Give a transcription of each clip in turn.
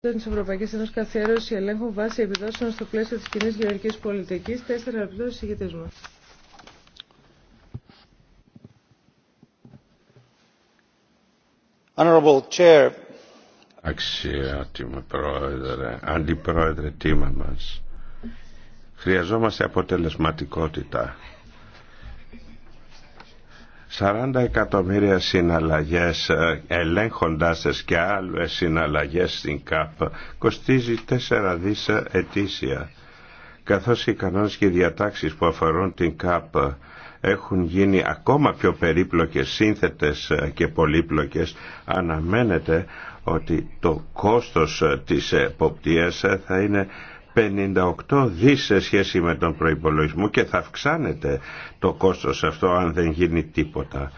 Τη Ευρωπαϊκή Ένωση καθιέρωση ελέγχου βάση επιδόσεων στο πλαίσιο τη κοινή γεωργική πολιτική. Τέσσερα λεπτά συγγητή μα. Αξιότιμο πρόεδρε, αντιπρόεδρε, τίμα μας. Χρειαζόμαστε αποτελεσματικότητα 40 εκατομμύρια συναλλαγές ε, ελέγχοντάς και άλλες συναλλαγές στην ΚΑΠ κοστίζει 4 δις ετήσια καθώς οι κανόνες και οι διατάξεις που αφορούν την ΚΑΠ έχουν γίνει ακόμα πιο περίπλοκες, σύνθετες ε, και πολύπλοκες, αναμένεται ότι το κόστος ε, της εποπτείας θα είναι 58 δις σε σχέση με τον προϋπολογισμό και θα αυξάνεται το κόστος αυτό αν δεν γίνει τίποτα.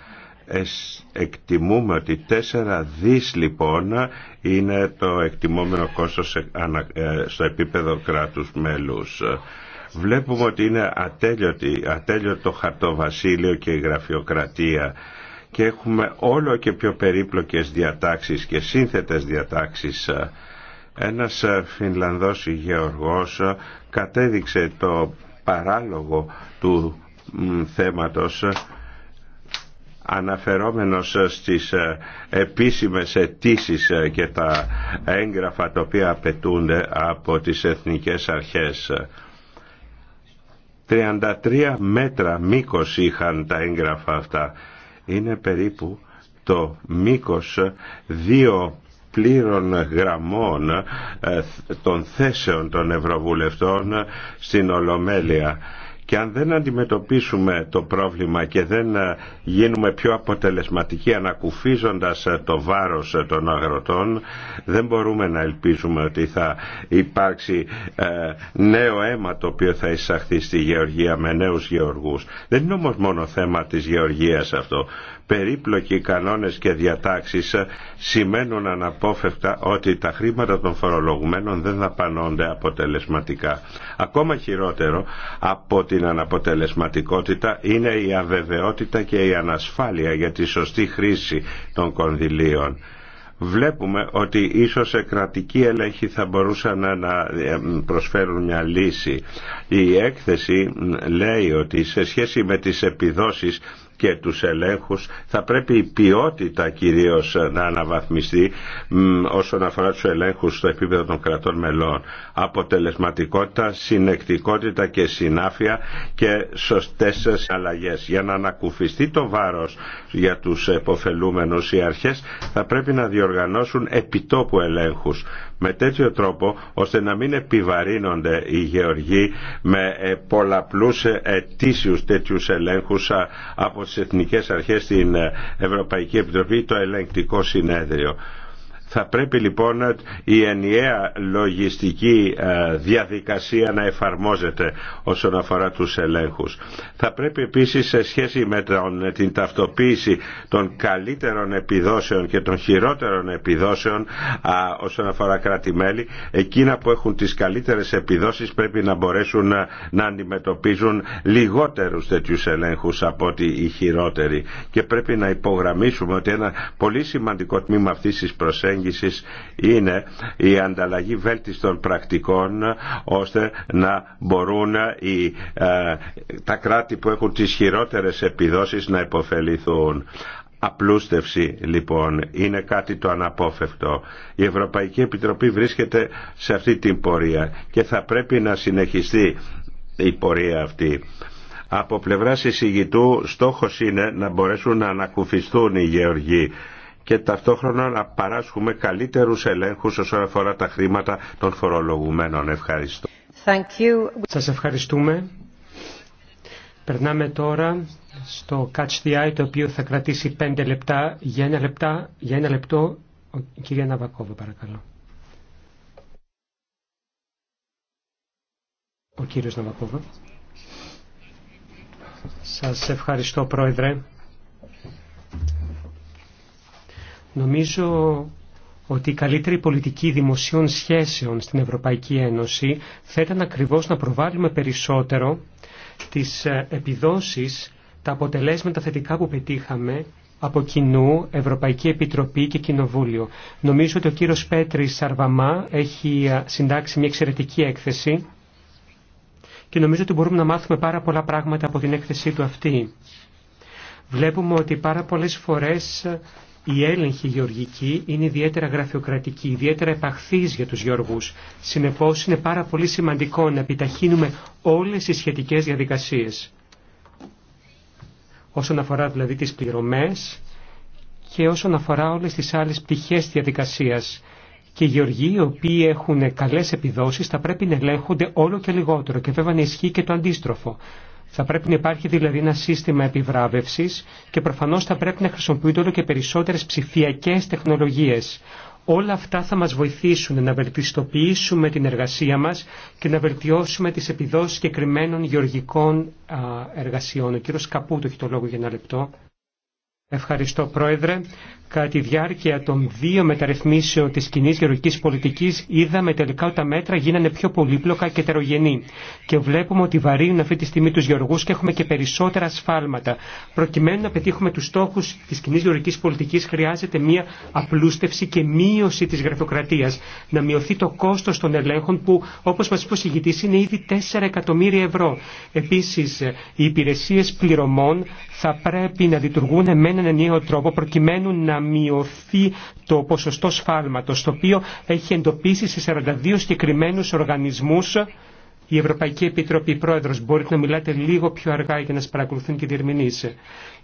Εκτιμούμε ότι 4 δις λοιπόν είναι το εκτιμόμενο κόστος ε, στο επίπεδο κράτους μέλους. Βλέπουμε ότι είναι ατέλειωτη, ατέλειωτο χαρτοβασίλειο και η γραφειοκρατία και έχουμε όλο και πιο περίπλοκες διατάξεις και σύνθετες διατάξεις ε, ένας ε, Φινλανδός γεωργός ε, κατέδειξε το παράλογο του θέματος ε, αναφερόμενος στις επίσημες αιτήσει και τα έγγραφα τα οποία απαιτούνται από τις εθνικές αρχές. 33 μέτρα μήκος είχαν τα έγγραφα αυτά. Είναι περίπου το μήκος δύο πλήρων γραμμών ε, των θέσεων των Ευρωβουλευτών στην Ολομέλεια και αν δεν αντιμετωπίσουμε το πρόβλημα και δεν ε, γίνουμε πιο αποτελεσματικοί ανακουφίζοντας ε, το βάρος ε, των αγροτών, δεν μπορούμε να ελπίζουμε ότι θα υπάρξει νέο αίμα το οποίο θα εισαχθεί στη γεωργία με νέους γεωργούς. Δεν είναι όμως μόνο θέμα της γεωργίας αυτό. Περίπλοκοι κανόνες και διατάξεις σημαίνουν αναπόφευκτα ότι τα χρήματα των φορολογουμένων δεν δαπανώνται αποτελεσματικά. Ακόμα χειρότερο από την αναποτελεσματικότητα είναι η αβεβαιότητα και η ανασφάλεια για τη σωστή χρήση των κονδυλίων βλέπουμε ότι ίσως σε κρατική ελέγχη θα μπορούσαν να προσφέρουν μια λύση. Η έκθεση λέει ότι σε σχέση με τις επιδόσεις και τους ελέγχους θα πρέπει η ποιότητα κυρίως να αναβαθμιστεί όσον αφορά τους ελέγχους στο επίπεδο των κρατών μελών. Αποτελεσματικότητα, συνεκτικότητα και συνάφεια και σωστές αλλαγές. Για να ανακουφιστεί το βάρος για τους εποφελούμενους οι αρχές θα πρέπει να διοργανώσουν επιτόπου ελέγχους με τέτοιο τρόπο ώστε να μην επιβαρύνονται οι γεωργοί με πολλαπλούς ετήσιους τέτοιους ελέγχους από τις Εθνικές Αρχές στην Ευρωπαϊκή Επιτροπή το ελεγκτικό συνέδριο. Θα πρέπει λοιπόν η ενιαία λογιστική ε, διαδικασία να εφαρμόζεται όσον αφορά τους ελέγχους. Θα πρέπει επίσης σε σχέση με τον, ε, την ταυτοποίηση των καλύτερων επιδόσεων και των χειρότερων επιδόσεων όσον αφορά κράτη-μέλη, εκείνα που έχουν τις καλύτερες επιδόσεις πρέπει να μπορέσουν να, ε, να αντιμετωπίζουν λιγότερους τέτοιους ελέγχους από ότι οι χειρότεροι. Και πρέπει να υπογραμμίσουμε ότι ένα πολύ σημαντικό τμήμα αυτής της προσέγγισης είναι η ανταλλαγή βέλτιστων πρακτικών ώστε να μπορούν οι, ε, τα κράτη που έχουν τις χειρότερες επιδόσεις να υποφεληθούν. Απλούστευση λοιπόν είναι κάτι το αναπόφευκτο. Η Ευρωπαϊκή Επιτροπή βρίσκεται σε αυτή την πορεία και θα πρέπει να συνεχιστεί η πορεία αυτή. Από πλευράς εισηγητού στόχος είναι να μπορέσουν να ανακουφιστούν οι γεωργοί και ταυτόχρονα να παράσχουμε καλύτερους ελέγχους όσον αφορά τα χρήματα των φορολογουμένων. Ευχαριστώ. Thank Σας ευχαριστούμε. Περνάμε τώρα στο Catch the Eye, το οποίο θα κρατήσει πέντε λεπτά. Για ένα, λεπτά, για ένα λεπτό, ο κυρία Ναβακόβα, παρακαλώ. Ο κύριος Ναβακόβα. Σας ευχαριστώ, Πρόεδρε. Νομίζω ότι η καλύτερη πολιτική δημοσίων σχέσεων στην Ευρωπαϊκή Ένωση θα ήταν ακριβώς να προβάλλουμε περισσότερο τις ε, επιδόσεις, τα αποτελέσματα θετικά που πετύχαμε από κοινού Ευρωπαϊκή Επιτροπή και Κοινοβούλιο. Νομίζω ότι ο κύριος Πέτρης Σαρβαμά έχει ε, συντάξει μια εξαιρετική έκθεση και νομίζω ότι μπορούμε να μάθουμε πάρα πολλά πράγματα από την έκθεσή του αυτή. Βλέπουμε ότι πάρα πολλές φορές η έλεγχη γεωργική είναι ιδιαίτερα γραφειοκρατική, ιδιαίτερα επαχθής για τους γεωργούς. Συνεπώς είναι πάρα πολύ σημαντικό να επιταχύνουμε όλες τις σχετικές διαδικασίες. Όσον αφορά δηλαδή τις πληρωμές και όσον αφορά όλες τις άλλες πτυχές διαδικασίας. Και οι γεωργοί οι οποίοι έχουν καλές επιδόσεις θα πρέπει να ελέγχονται όλο και λιγότερο και βέβαια να ισχύει και το αντίστροφο. Θα πρέπει να υπάρχει δηλαδή ένα σύστημα επιβράβευσης και προφανώς θα πρέπει να χρησιμοποιούνται όλο και περισσότερες ψηφιακές τεχνολογίες. Όλα αυτά θα μας βοηθήσουν να βελτιστοποιήσουμε την εργασία μας και να βελτιώσουμε τις επιδόσεις συγκεκριμένων γεωργικών εργασιών. Ο κύριος Καπούτο έχει το λόγο για ένα λεπτό. Ευχαριστώ Πρόεδρε. Κατά τη διάρκεια των δύο μεταρρυθμίσεων της κοινή γεωργικής πολιτικής είδαμε τελικά ότι τα μέτρα γίνανε πιο πολύπλοκα και τερογενή. Και βλέπουμε ότι βαρύνουν αυτή τη στιγμή τους γεωργούς και έχουμε και περισσότερα σφάλματα. Προκειμένου να πετύχουμε τους στόχους της κοινή γεωργικής πολιτικής χρειάζεται μία απλούστευση και μείωση της γραφειοκρατίας. Να μειωθεί το κόστος των ελέγχων που όπως μας είπε ο συγητής είναι ήδη 4 εκατομμύρια ευρώ. Επίσης οι υπηρεσίες πληρωμών θα πρέπει να λειτουργούν με έναν νέο τρόπο προκειμένου να μειωθεί το ποσοστό σφάλματος, το οποίο έχει εντοπίσει σε 42 συγκεκριμένου οργανισμούς η Ευρωπαϊκή Επιτροπή. Πρόεδρος, μπορείτε να μιλάτε λίγο πιο αργά για να σας παρακολουθούν και διερμηνείς.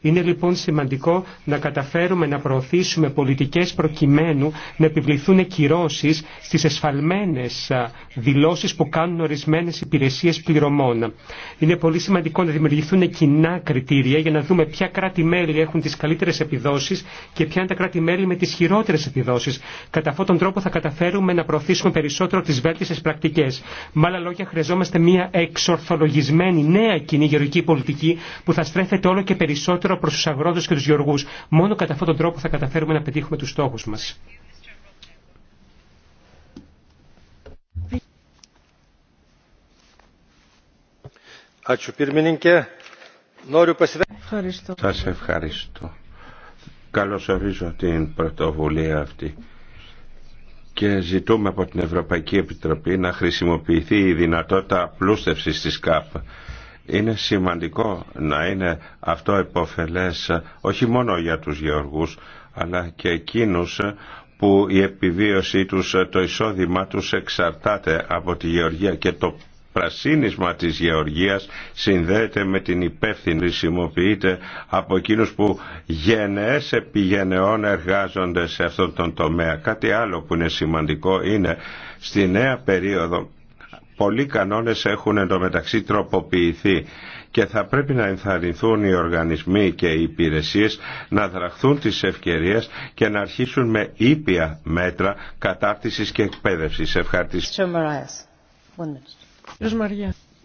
Είναι λοιπόν σημαντικό να καταφέρουμε να προωθήσουμε πολιτικές προκειμένου να επιβληθούν κυρώσεις στις εσφαλμένες δηλώσεις που κάνουν ορισμένες υπηρεσίες πληρωμών. Είναι πολύ σημαντικό να δημιουργηθούν κοινά κριτήρια για να δούμε ποια κράτη-μέλη έχουν τις καλύτερες επιδόσεις και ποια είναι τα κράτη-μέλη με τις χειρότερες επιδόσεις. Κατά αυτόν τον τρόπο θα καταφέρουμε να προωθήσουμε περισσότερο τις βέλτιστες πρακτικές. Με άλλα λόγια χρειαζόμαστε μια εξορθολογισμένη νέα κοινή γεωργική πολιτική που θα στρέφεται όλο και περισσότερο προς τους αγρότες και τους γεωργούς. Μόνο κατά αυτόν τον τρόπο θα καταφέρουμε να πετύχουμε του στόχου μα. Ευχαριστώ. Σας ευχαριστώ. Καλωσορίζω την πρωτοβουλία αυτή και ζητούμε από την Ευρωπαϊκή Επιτροπή να χρησιμοποιηθεί η δυνατότητα απλούστευσης της ΚΑΠ είναι σημαντικό να είναι αυτό επωφελές ε, όχι μόνο για τους γεωργούς αλλά και εκείνους ε, που η επιβίωσή τους, ε, το εισόδημά τους εξαρτάται από τη γεωργία και το πρασίνισμα της γεωργίας συνδέεται με την υπεύθυνη χρησιμοποιείται από εκείνους που γενναίες επιγενεών εργάζονται σε αυτόν τον τομέα. Κάτι άλλο που είναι σημαντικό είναι στη νέα περίοδο πολλοί κανόνες έχουν εντωμεταξύ τροποποιηθεί και θα πρέπει να ενθαρρυνθούν οι οργανισμοί και οι υπηρεσίες να δραχθούν τις ευκαιρίες και να αρχίσουν με ήπια μέτρα κατάρτισης και εκπαίδευσης. Ευχαριστώ.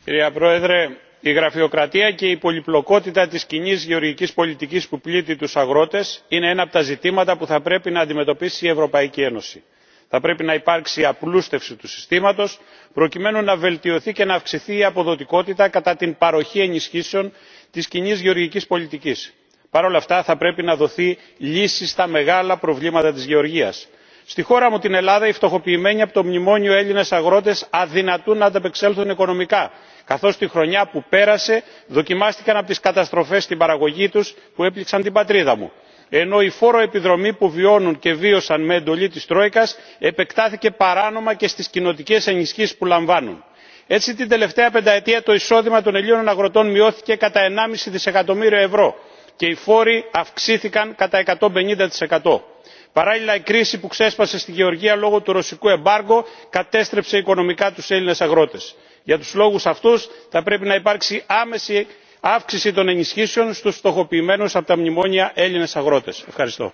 Κυρία Πρόεδρε, η γραφειοκρατία και η πολυπλοκότητα της κοινή γεωργικής πολιτικής που πλήττει τους αγρότες είναι ένα από τα ζητήματα που θα πρέπει να αντιμετωπίσει η Ευρωπαϊκή Ένωση θα πρέπει να υπάρξει απλούστευση του συστήματος προκειμένου να βελτιωθεί και να αυξηθεί η αποδοτικότητα κατά την παροχή ενισχύσεων της κοινή γεωργικής πολιτικής. παρ' όλα αυτά θα πρέπει να δοθεί λύση στα μεγάλα προβλήματα της γεωργίας. στη χώρα μου την ελλάδα οι φτωχοποιημένοι από το μνημόνιο έλληνες αγρότες αδυνατούν να ανταπεξέλθουν οικονομικά καθώς τη χρονιά που πέρασε δοκιμάστηκαν από τις καταστροφές στην παραγωγή τους που έπληξαν την πατρίδα μου ενώ η φόρο επιδρομή που βιώνουν και βίωσαν με εντολή της τρόικας επεκτάθηκε παράνομα και στις κοινοτικές ενισχύσεις που λαμβάνουν. έτσι την τελευταία πενταετία το εισόδημα των ελλήνων αγροτών μειώθηκε κατά 1,5 δισεκατομμύριο ευρώ και οι φόροι αυξήθηκαν κατά. 150 παράλληλα η κρίση που ξέσπασε στη γεωργία λόγω του ρωσικού εμπάργου κατέστρεψε οικονομικά τους έλληνες αγρότες. για τους λόγους αυτούς θα πρέπει να υπάρξει άμεση αύξηση των ενισχύσεων στους στοχοποιημένους από τα μνημόνια έλληνες αγρότες. ευχαριστώ.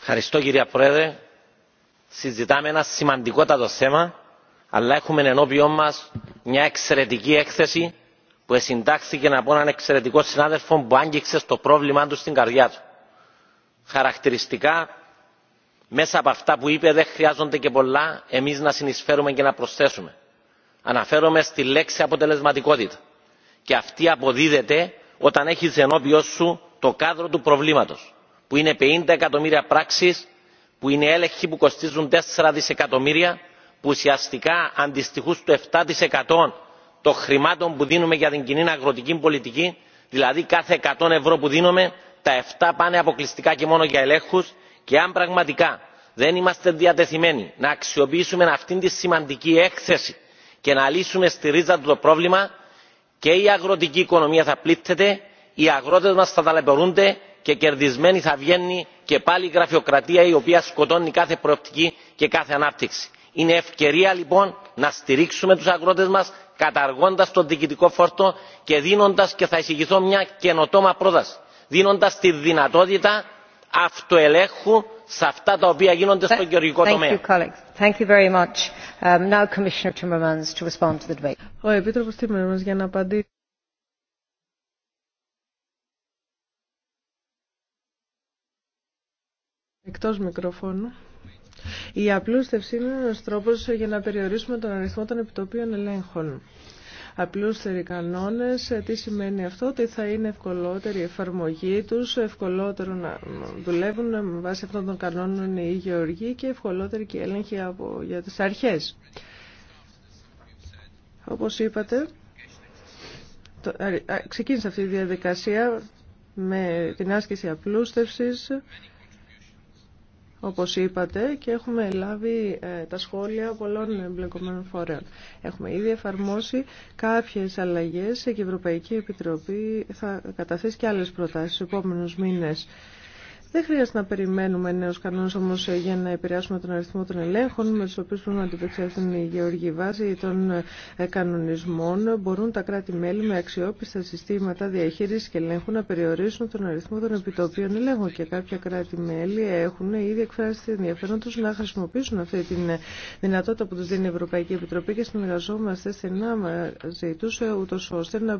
ευχαριστώ κυρία πρόεδρε. συζητάμε ένα σημαντικότατο θέμα αλλά έχουμε ενώπιόν μας μια εξαιρετική έκθεση που συντάχθηκε από έναν εξαιρετικό συνάδελφο που άγγιξε το πρόβλημά του στην καρδιά του. χαρακτηριστικά μέσα από αυτά που είπε δεν χρειάζονται και πολλά εμείς να συνεισφέρουμε και να προσθέσουμε. Αναφέρομαι στη λέξη αποτελεσματικότητα. Και αυτή αποδίδεται όταν έχεις ενώπιό σου το κάδρο του προβλήματος, που είναι 50 εκατομμύρια πράξεις, που είναι έλεγχοι που κοστίζουν 4 δισεκατομμύρια, που ουσιαστικά αντιστοιχούν στο 7% των χρημάτων που δίνουμε για την κοινή αγροτική πολιτική, δηλαδή κάθε 100 ευρώ που δίνουμε, τα 7 πάνε αποκλειστικά και μόνο για ελέγχους και αν πραγματικά δεν είμαστε διατεθειμένοι να αξιοποιήσουμε αυτή τη σημαντική έκθεση και να λύσουμε στη ρίζα του το πρόβλημα και η αγροτική οικονομία θα πλήττεται οι αγρότε μα θα ταλαιπωρούνται και κερδισμένοι θα βγαίνει και πάλι η γραφειοκρατία η οποία σκοτώνει κάθε προοπτική και κάθε ανάπτυξη. Είναι ευκαιρία λοιπόν να στηρίξουμε του αγρότε μα καταργώντα τον διοικητικό φόρτο και δίνοντα και θα εισηγηθώ μια καινοτόμα πρόταση δίνοντα τη δυνατότητα αυτοελέγχου σε αυτά τα οποία γίνονται στο γεωργικό τομέα. Η απλούστευση είναι ένας τρόπο για να περιορίσουμε τον αριθμό των επιτοπίων ελέγχων απλούστεροι κανόνες. Ε, τι σημαίνει αυτό, ότι θα είναι ευκολότερη η εφαρμογή τους, ευκολότερο να δουλεύουν με βάση αυτών των κανόνων οι γεωργοί και ευκολότερη και η έλεγχη από, για τις αρχές. Όπως είπατε, ξεκίνησε αυτή η διαδικασία με την άσκηση απλούστευσης όπως είπατε, και έχουμε λάβει ε, τα σχόλια πολλών εμπλεκομένων φορέων. Έχουμε ήδη εφαρμόσει κάποιες αλλαγές και η Ευρωπαϊκή Επιτροπή θα καταθέσει και άλλες προτάσεις στους επόμενους μήνες. Δεν χρειάζεται να περιμένουμε νέου κανόνε όμω για να επηρεάσουμε τον αριθμό των ελέγχων με του οποίου πρέπει να αντιπεξέλθουν οι γεωργοί βάσει των ε, κανονισμών. Μπορούν τα κράτη-μέλη με αξιόπιστα συστήματα διαχείριση και ελέγχου να περιορίσουν τον αριθμό των επιτοπίων ελέγχων και κάποια κράτη-μέλη έχουν ήδη εκφράσει την ενδιαφέρον του να χρησιμοποιήσουν αυτή τη ε, δυνατότητα που του δίνει η Ευρωπαϊκή Επιτροπή και συνεργαζόμαστε στενά μαζί του ε, ούτω ώστε να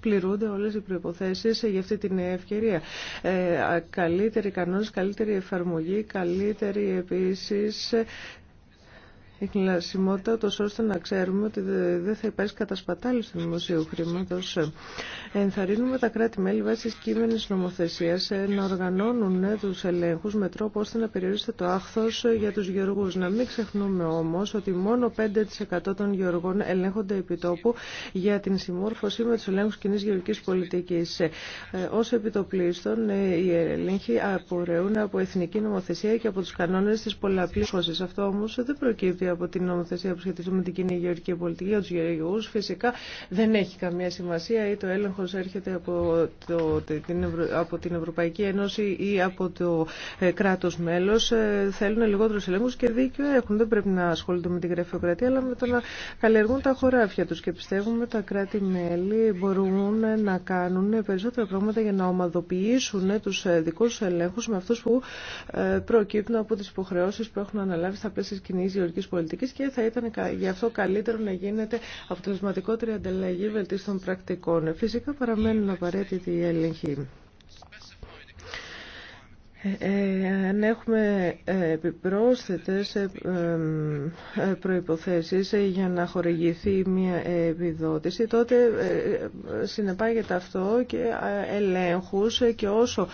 πληρούνται όλε οι προποθέσει για αυτή την ευκαιρία καλύτεροι κανόνες, καλύτερη εφαρμογή, καλύτερη επίσης εκλασιμότητα, τόσο ώστε να ξέρουμε ότι δεν θα υπάρξει κατασπατάληση του δημοσίου χρήματο. Ενθαρρύνουμε τα κράτη-μέλη βάσει τη κείμενη νομοθεσία να οργανώνουν του ελέγχου με τρόπο ώστε να περιορίσετε το άχθο για του γεωργού. Να μην ξεχνούμε όμω ότι μόνο 5% των γεωργών ελέγχονται επιτόπου για την συμμόρφωση με του ελέγχου κοινή γεωργική πολιτική. Ε, Ω επιτοπλίστων, ε, οι ελέγχοι απορρέουν από εθνική νομοθεσία και από του κανόνε τη πολλαπλή Αυτό όμω δεν προκύπτει από την νομοθεσία που σχετίζεται με την κοινή γεωργική πολιτική, για του γεωργού. Φυσικά δεν έχει καμία σημασία ή το έλεγχο έρχεται από, το, την από την Ευρωπαϊκή Ένωση ή από το ε, κράτο μέλο. Ε, θέλουν λιγότερου ελέγχου και δίκιο έχουν. Δεν πρέπει να ασχολούνται με την γραφειοκρατία, αλλά με το να καλλιεργούν τα χωράφια του. Και πιστεύουμε τα κράτη-μέλη μπορούν να κάνουν περισσότερα πράγματα για να ομαδοποιήσουν του ε, δικού του ελέγχου με αυτού που ε, προκύπτουν από τι υποχρεώσει που έχουν αναλάβει στα πλαίσια τη κοινή γεωργική και θα ήταν γι' αυτό καλύτερο να γίνεται αποτελεσματικότερη ανταλλαγή βελτίστων πρακτικών. Φυσικά παραμένουν απαραίτητοι οι έλεγχοι αν έχουμε ε, επιπρόσθετες ε, ε, προϋποθέσεις για να χορηγηθεί μια επιδότηση, τότε συνεπάγεται αυτό και ελέγχους και όσο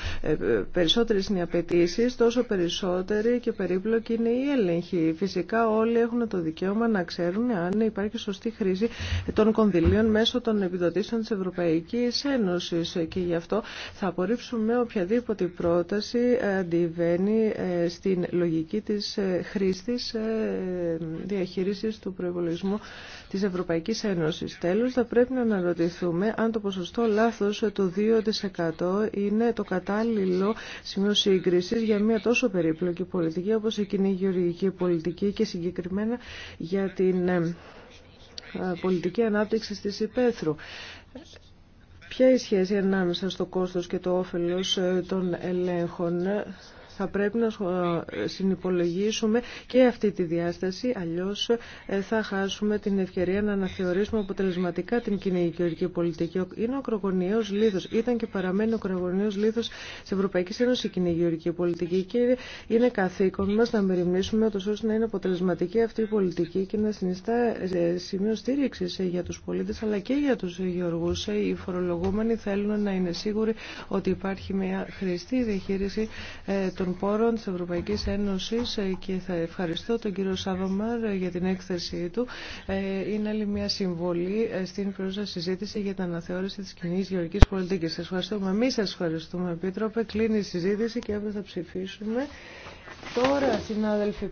περισσότερες είναι οι απαιτήσει, τόσο περισσότεροι και περίπλοκοι είναι οι έλεγχοι. Φυσικά όλοι έχουν το δικαίωμα να ξέρουν αν υπάρχει σωστή χρήση των κονδυλίων μέσω των επιδοτήσεων της Ευρωπαϊκής Ένωσης και γι' αυτό θα απορρίψουμε οποιαδήποτε πρόταση αντιβαίνει ε, στην λογική της ε, χρήστης ε, διαχείρισης του προϋπολογισμού της Ευρωπαϊκής Ένωσης. Τέλος, θα πρέπει να αναρωτηθούμε αν το ποσοστό λάθος το 2% είναι το κατάλληλο σημείο σύγκρισης για μια τόσο περίπλοκη πολιτική όπως η κοινή γεωργική πολιτική και συγκεκριμένα για την πολιτική ανάπτυξη της υπαίθρου. Ποια είναι η σχέση ανάμεσα στο κόστος και το όφελος ε, των ελέγχων θα πρέπει να συνυπολογίσουμε και αυτή τη διάσταση, αλλιώς ε, θα χάσουμε την ευκαιρία να αναθεωρήσουμε αποτελεσματικά την κοινή πολιτική. Είναι ο κρογωνιαίος λίθος, ήταν και παραμένει ο κρογωνιαίος λίθος της Ευρωπαϊκή Ένωσης η κοινή πολιτική και είναι καθήκον μας να μεριμνήσουμε ώστε να είναι αποτελεσματική αυτή η πολιτική και να συνιστά ε, σημείο στήριξη ε, για τους πολίτες αλλά και για τους γεωργούς. Οι φορολογούμενοι θέλουν να είναι σίγουροι ότι υπάρχει μια χρηστή διαχείριση των των πόρων της Ευρωπαϊκής Ένωσης ε, και θα ευχαριστώ τον κύριο Σάβαμαρ ε, για την έκθεσή του. Ε, είναι άλλη μια συμβολή στην πρώτη συζήτηση για την αναθεώρηση της κοινή γεωργικής πολιτικής. Σας ευχαριστούμε. Εμείς σας ευχαριστούμε, Επίτροπε. Κλείνει η συζήτηση και αύριο θα ψηφίσουμε. Τώρα, συνάδελφοι,